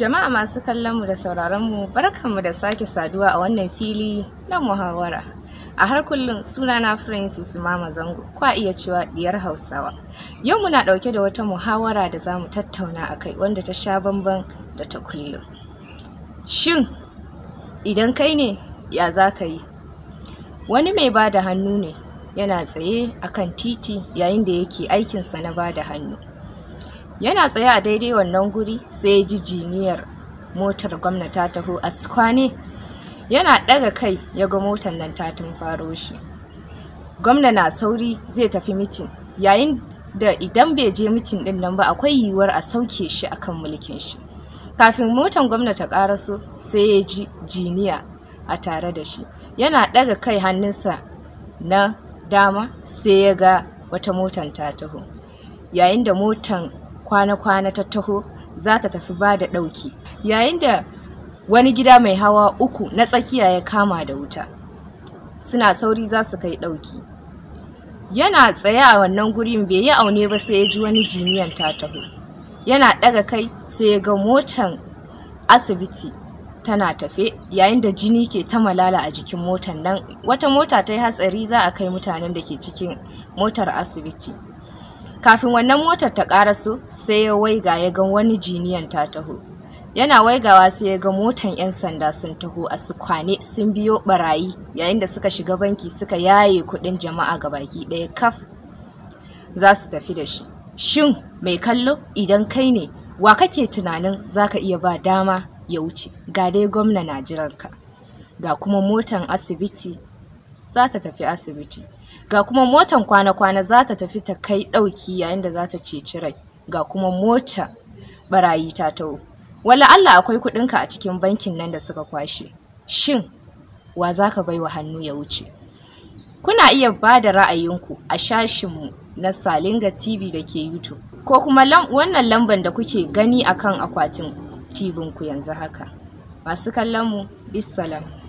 Jama'a masu kallon mu da sauraron mu barkanmu da sake saduwa a wannan fili na muhawara. A har kullum sunana Francis Mama Zango, kwa iya cewa diyar Hausawa. Yau muna ɗauke da wata muhawara da zamu tattauna a kai wanda ta sha bamban da ta kullum. Shin idan kai ne ya za ka yi? Wani mai bada hannu ne yana tsaye a kan titi yayin da yake aikinsa na ba da hannu. yana tsaye a daidai wannan guri sai ya ji jiniyar motar gwamna ta taho a kwane yana ɗaga kai ya ga motar nan ta faro shi gwamna na sauri zai tafi mitin yayin da idan bai je mitin ɗin nan ba akwai yiwuwar a sauke shi akan mulkin shi kafin motar gwamna ta so sai ya ji jiniya a tare da shi yana ɗaga kai hannunsa na dama sai ya ga wata motar ta taho yayin da motar. kwana-kwana ta taho za ta tafi ba da ɗauki yayin da wani gida mai hawa uku na tsakiya ya kama da wuta suna sauri za su kai ɗauki yana tsaye a wannan gurin bai yi aune ba sai ya ji wani jiniyan ta taho yana ɗaga kai sai ya ga motan asibiti tana tafe yayin da jini ke ta malala a jikin motan nan wata mota ta yi hatsari za a kai mutanen da ke cikin motar asibiti kafin wannan motar ta ƙara so sai ya waiga ya ga wani jiniyan ta taho yana waigawa sai ya ga motan 'yan sanda sun taho a su kwane sun biyo barayi yayin da suka shiga banki suka yaye kuɗin jama'a ga baki ɗaya kaf za su tafi da shi shin mai kallo idan kai ne wa kake tunanin za ka iya ba dama ya wuce ga dai gwamna na ga kuma motan asibiti za ta tafi asibiti ga kuma motan kwana-kwana za ta tafi ta kai ɗauki yayin da za ta ceci rai ga kuma mota ɓarayi ta taho wala Allah akwai kuɗinka a cikin bankin nan da suka kwashe shin wa za ka bai hannu ya wuce kuna iya ba da ra'ayinku a mu na salinga tv da ke youtube ko kuma wannan lamban da kuke gani akan akwatin tv ku yanzu haka masu kallon mu bisalam